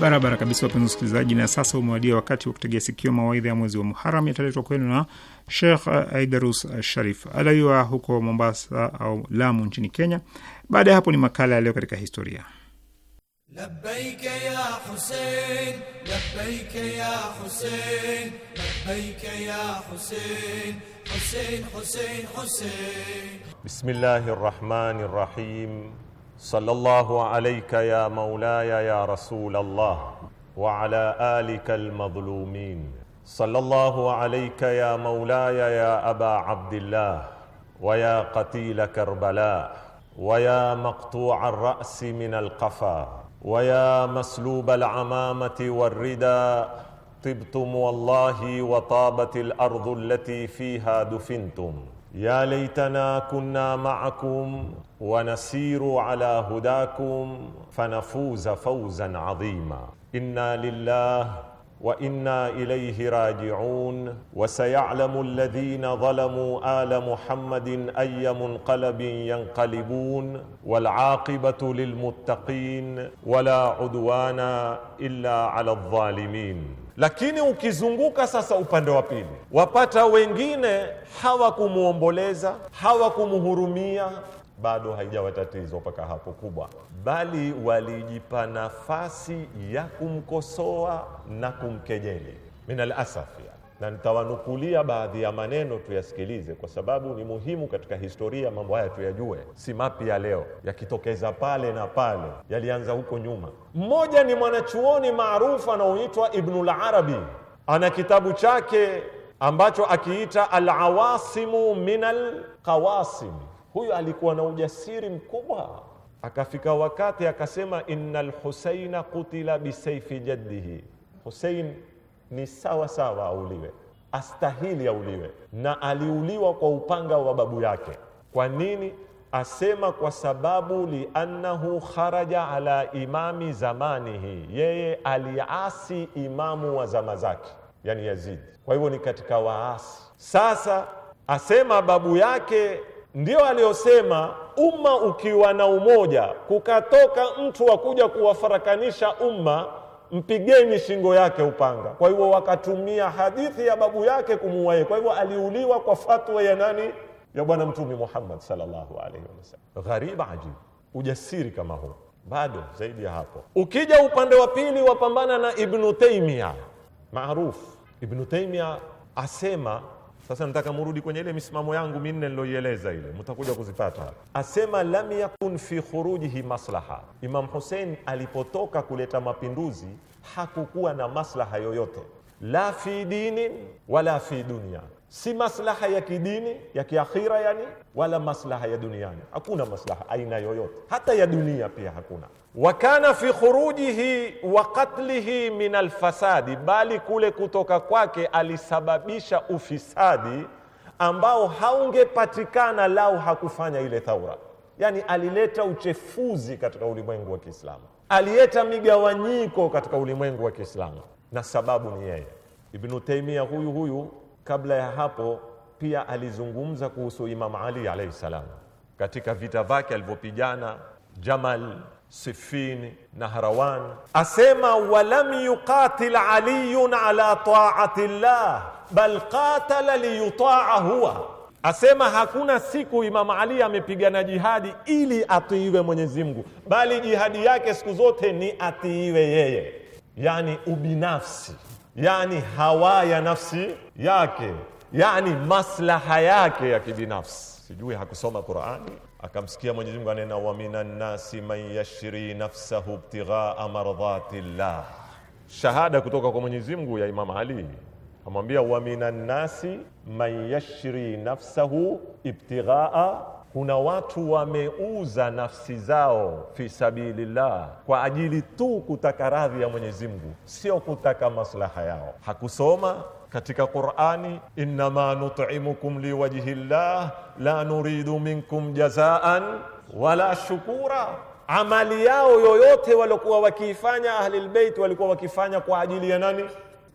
Speaker 2: Barabara kabisa, wapenzi wasikilizaji, na sasa umewadia wakati wa kutegea sikio mawaidha ya mwezi wa Muharam yataletwa kwenu na Shekh Aidarus Sharif Alaiwa huko Mombasa au Lamu nchini Kenya. Baada ya hapo ni makala ya leo katika historia. Labbaik ya Hussein, ya
Speaker 4: Hussein, ya Hussein, Hussein, Hussein, Hussein.
Speaker 6: Bismillahir Rahmanir Rahim صلى الله عليك يا مولاي يا رسول الله وعلى آلك المظلومين صلى الله عليك يا مولاي يا أبا عبد الله ويا قتيل كربلاء ويا مقطوع الرأس من القفا ويا مسلوب العمامة والرداء طبتم والله وطابت الأرض التي فيها دفنتم يا ليتنا كنا معكم wanasiru ala hudakum fanafuza fauzan adhima inna lillah wa inna ilayhi rajiun wa sayalamu alladhina dhalamu ala muhammadin aya munqalabin yanqalibun walaqibatu lilmuttaqin wala udwana illa ala aldhalimin lakini ukizunguka sasa upande wa pili wapata wengine hawakumuomboleza hawakumhurumia bado haijawa tatizo mpaka hapo kubwa, bali walijipa nafasi ya kumkosoa na kumkejeli Min asafi, na nitawanukulia baadhi ya maneno tuyasikilize, kwa sababu ni muhimu katika historia. Mambo haya tuyajue, si mapya leo, yakitokeza pale na pale, yalianza huko nyuma. Mmoja ni mwanachuoni maarufu anaoitwa Ibnul Arabi, ana kitabu chake ambacho akiita Alawasimu min alqawasimi Huyu alikuwa na ujasiri mkubwa, akafika wakati akasema, innal husaina kutila bisaifi jaddihi, Husein ni sawa sawa auliwe, astahili auliwe, na aliuliwa kwa upanga wa babu yake. Kwa nini? Asema kwa sababu liannahu kharaja ala imami zamanihi, yeye aliasi imamu wa zama zake, yani Yazidi. Kwa hivyo ni katika waasi. Sasa asema babu yake ndio aliyosema umma ukiwa na umoja, kukatoka mtu wa kuja kuwafarakanisha umma, mpigeni shingo yake upanga. Kwa hivyo wakatumia hadithi ya babu yake kumuua yeye. Kwa hivyo aliuliwa kwa fatwa ya nani? Ya Bwana Mtume Muhammad sallallahu alaihi wasallam. Ghariba, ajibu, ujasiri kama huu bado zaidi ya hapo. Ukija upande wa pili, wapambana na Ibnu Taimia maarufu. Ibnu Taimia asema sasa nataka murudi kwenye ile misimamo yangu minne niloieleza ile, mtakuja kuzipata Asema lam yakun fi khurujihi maslaha, Imam husein alipotoka kuleta mapinduzi hakukuwa na maslaha yoyote, la fi dinin wala fi dunya si maslaha ya kidini ya kiakhira, yani wala maslaha ya duniani. Hakuna maslaha aina yoyote, hata ya dunia pia hakuna. Wa kana fi khurujihi wa qatlihi min alfasadi, bali kule kutoka kwake alisababisha ufisadi ambao haungepatikana lau hakufanya ile thaura. Yani alileta uchefuzi katika ulimwengu wa Kiislamu, alileta migawanyiko katika ulimwengu wa Kiislamu, na sababu ni yeye Ibnu Taimia huyu huyu Kabla ya hapo pia alizungumza kuhusu Imam Ali alayhi salam katika vita vyake alivyopigana Jamal, sifin na Harawan, asema walam yuqatil aliyun ala taati llah bal qatala liyutaa huwa, asema hakuna siku Imam Ali amepigana jihadi ili atiiwe Mwenyezi Mungu, bali jihadi yake siku zote ni atiiwe yeye, yani ubinafsi yani hawa ya nafsi yake, yani maslaha yake ya kibinafsi. Sijui hakusoma Qurani akamsikia Mwenyezi Mungu anena, wa minan nasi man yashri nafsahu ibtighaa llah Shahada kutoka kwa Mwenyezi Mungu ya Imam Ali amwambia, wa minan nasi man yashri nafsahu ibtighaa kuna watu wameuza nafsi zao fi sabilillah kwa ajili tu kutaka radhi ya Mwenyezi Mungu, sio kutaka maslaha yao. Hakusoma katika Qur'ani, innama nut'imukum liwajhi llah la nuridu minkum jazaan wala shukura. Amali yao yoyote waliokuwa wakiifanya Ahlul walikuwa wakifanya kwa ajili ya nani?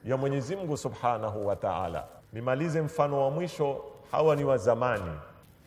Speaker 6: Ya Mwenyezi Mungu subhanahu wa ta'ala. Nimalize mfano wa mwisho, hawa ni wa zamani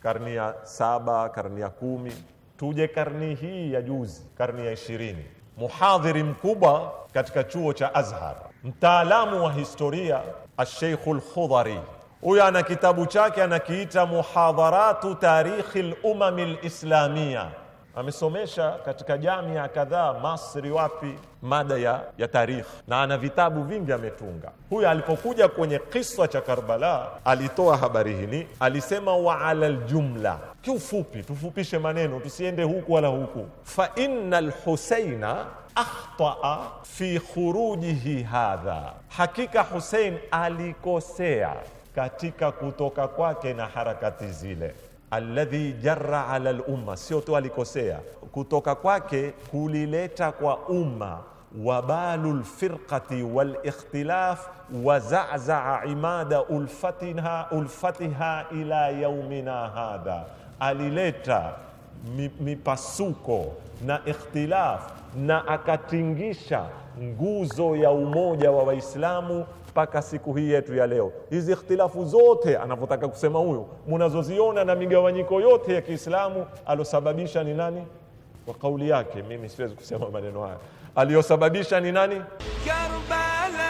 Speaker 6: karni ya saba, karni ya kumi. Tuje karni hii ya juzi, karni ya ishirini. Muhadhiri mkubwa katika chuo cha Azhar, mtaalamu wa historia asheikhu lkhudhari huyo ana kitabu chake anakiita Muhadharatu Tarikhi Lumami Lislamia amesomesha katika jamia kadhaa Masri wapi, mada ya, ya tarikhi na ana vitabu vingi ametunga. Huyu alipokuja kwenye kiswa cha Karbala alitoa habari hili, alisema wa ala ljumla, kiufupi, tufupishe maneno tusiende huku wala huku, fa inna lhuseina akhtaa fi khurujihi hadha, hakika Husein alikosea katika kutoka kwake na harakati zile alladhi jara ala lumma, sio tu alikosea kutoka kwake kulileta kwa umma wabalu lfirqati walikhtilaf wazazaa imada ulfatiha, ulfatiha ila yaumina hadha, alileta mipasuko na ikhtilaf na akatingisha nguzo ya umoja wa Waislamu mpaka siku hii yetu ya leo. Hizi ikhtilafu zote anavyotaka kusema huyu munazoziona na migawanyiko yote ya Kiislamu alosababisha ni nani? Kwa kauli yake, mimi siwezi kusema maneno haya. Aliyosababisha ni nani?
Speaker 7: Karbala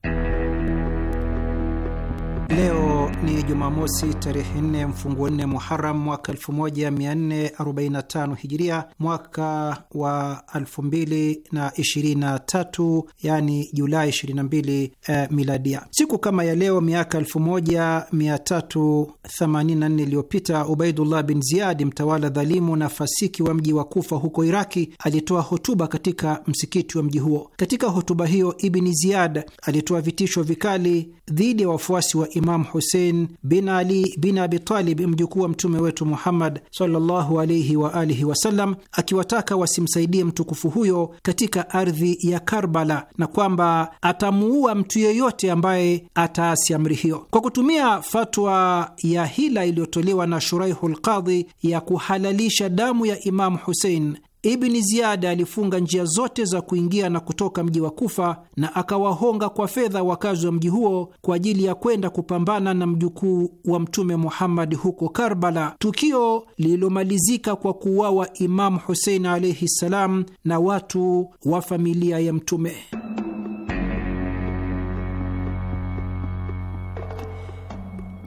Speaker 8: Jumamosi tarehe 4 mfunguo 4 Muharam mwaka 1445 Hijiria, mwaka wa 2023 yani Julai 22 eh, miladia. Siku kama ya leo miaka 1384 iliyopita Ubaidullah bin Ziyadi, mtawala dhalimu na fasiki wa mji wa Kufa huko Iraki, alitoa hotuba katika msikiti wa mji huo. Katika hotuba hiyo, Ibni Ziyad alitoa vitisho vikali dhidi ya wafuasi wa Imam Husein bin Ali bin Abitalib, mjukuu wa mtume wetu Muhammad sallallahu alaihi wa alihi wasallam, akiwataka wasimsaidie mtukufu huyo katika ardhi ya Karbala na kwamba atamuua mtu yeyote ambaye ataasi amri hiyo. Kwa kutumia fatwa ya hila iliyotolewa na shuraihu lqadhi ya kuhalalisha damu ya Imamu Husein Ibni Ziyada alifunga njia zote za kuingia na kutoka mji wa Kufa na akawahonga kwa fedha wakazi wa mji huo kwa ajili ya kwenda kupambana na mjukuu wa Mtume Muhammad huko Karbala, tukio lililomalizika kwa kuuawa Imamu Husein alaihi ssalam na watu wa familia ya Mtume.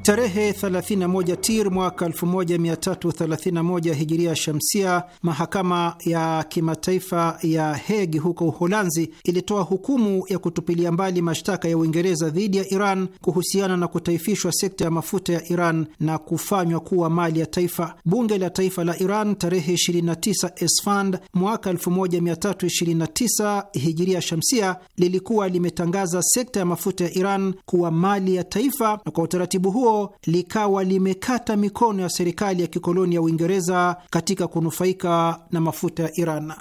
Speaker 8: Tarehe 31 Tir mwaka 1331 hijiria shamsia, mahakama ya kimataifa ya Hegi huko Uholanzi ilitoa hukumu ya kutupilia mbali mashtaka ya Uingereza dhidi ya Iran kuhusiana na kutaifishwa sekta ya mafuta ya Iran na kufanywa kuwa mali ya taifa. Bunge la Taifa la Iran tarehe 29 Esfand mwaka 1329 hijiria shamsia lilikuwa limetangaza sekta ya mafuta ya Iran kuwa mali ya taifa, na kwa utaratibu huo likawa limekata mikono ya serikali ya kikoloni ya Uingereza katika kunufaika na mafuta ya Iran.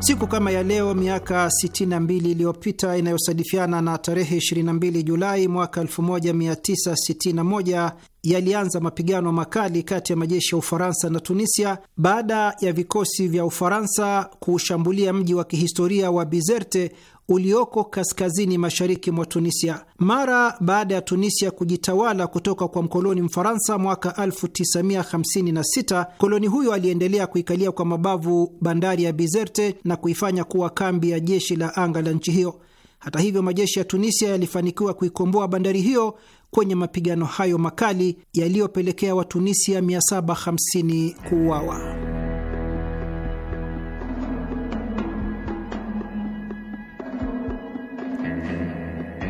Speaker 8: Siku kama ya leo miaka 62 iliyopita inayosadifiana na tarehe 22 Julai mwaka 1961 yalianza mapigano makali kati ya majeshi ya Ufaransa na Tunisia baada ya vikosi vya Ufaransa kushambulia mji wa kihistoria wa Bizerte ulioko kaskazini mashariki mwa Tunisia. Mara baada ya Tunisia kujitawala kutoka kwa mkoloni Mfaransa mwaka 1956, koloni huyo aliendelea kuikalia kwa mabavu bandari ya Bizerte na kuifanya kuwa kambi ya jeshi la anga la nchi hiyo. Hata hivyo, majeshi ya Tunisia yalifanikiwa kuikomboa bandari hiyo kwenye mapigano hayo makali yaliyopelekea Watunisia 750 kuuawa.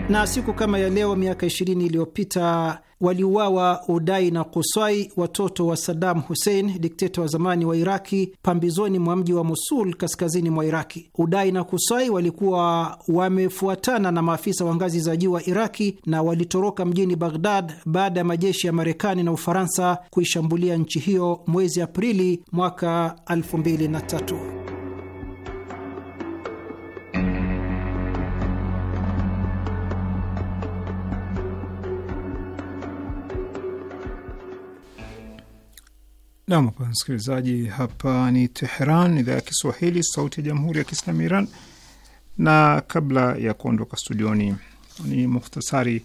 Speaker 8: Na siku kama ya leo miaka 20 iliyopita waliuawa Udai na kuswai watoto wa sadam Hussein, dikteta wa zamani wa Iraki, pambizoni mwa mji wa Mosul, kaskazini mwa Iraki. Udai na kuswai walikuwa wamefuatana na maafisa wa ngazi za juu wa Iraki na walitoroka mjini Baghdad baada ya majeshi ya Marekani na Ufaransa kuishambulia nchi hiyo mwezi Aprili mwaka 2003.
Speaker 2: Nam kwa msikilizaji, hapa ni Teheran, idhaa ya Kiswahili, sauti ya jamhuri ya kiislamu Iran. Na kabla ya kuondoka studioni, ni muhtasari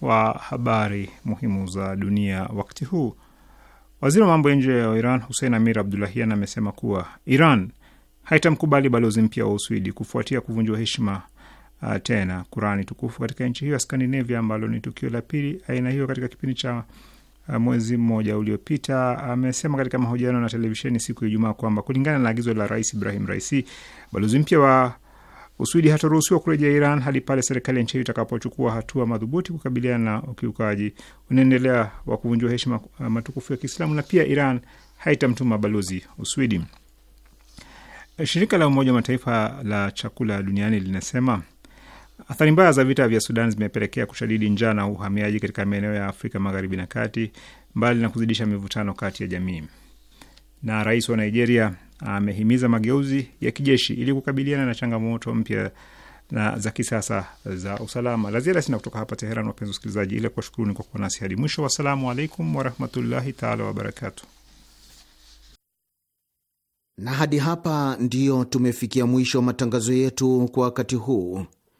Speaker 2: wa habari muhimu za dunia wakati huu. Waziri wa mambo ya nje wa Iran husein Amir Abdulahian amesema kuwa Iran haitamkubali balozi mpya wa Uswidi kufuatia kuvunjwa heshima uh, tena Kurani tukufu katika nchi hiyo ya Skandinavia, ambalo ni tukio la pili aina hiyo katika kipindi cha Uh, mwezi mmoja uliopita. Amesema katika mahojiano na televisheni siku ya Ijumaa kwamba kulingana na agizo la Rais Ibrahim Raisi, balozi mpya wa Uswidi hataruhusiwa kurejea Iran hadi pale serikali ya nchi hiyo itakapochukua hatua madhubuti kukabiliana na ukiukaji unaendelea wa kuvunjia heshima uh, matukufu ya Kiislamu, na pia Iran haitamtuma balozi Uswidi. Shirika la Umoja wa Mataifa la chakula duniani linasema Athari mbaya za vita vya Sudan zimepelekea kushadidi njaa na uhamiaji katika maeneo ya Afrika magharibi na kati, mbali na kuzidisha mivutano kati ya jamii. Na rais wa Nigeria amehimiza mageuzi ya kijeshi ili kukabiliana na changamoto mpya na za kisasa za usalama. La ziada sina kutoka hapa Teheran, wapenzi wasikilizaji, ile kuwashukuruni kwa kuwa nasi hadi mwisho. Wassalamu alaikum warahmatullahi taala wabarakatu.
Speaker 9: Na hadi hapa ndiyo tumefikia mwisho wa matangazo yetu kwa wakati huu.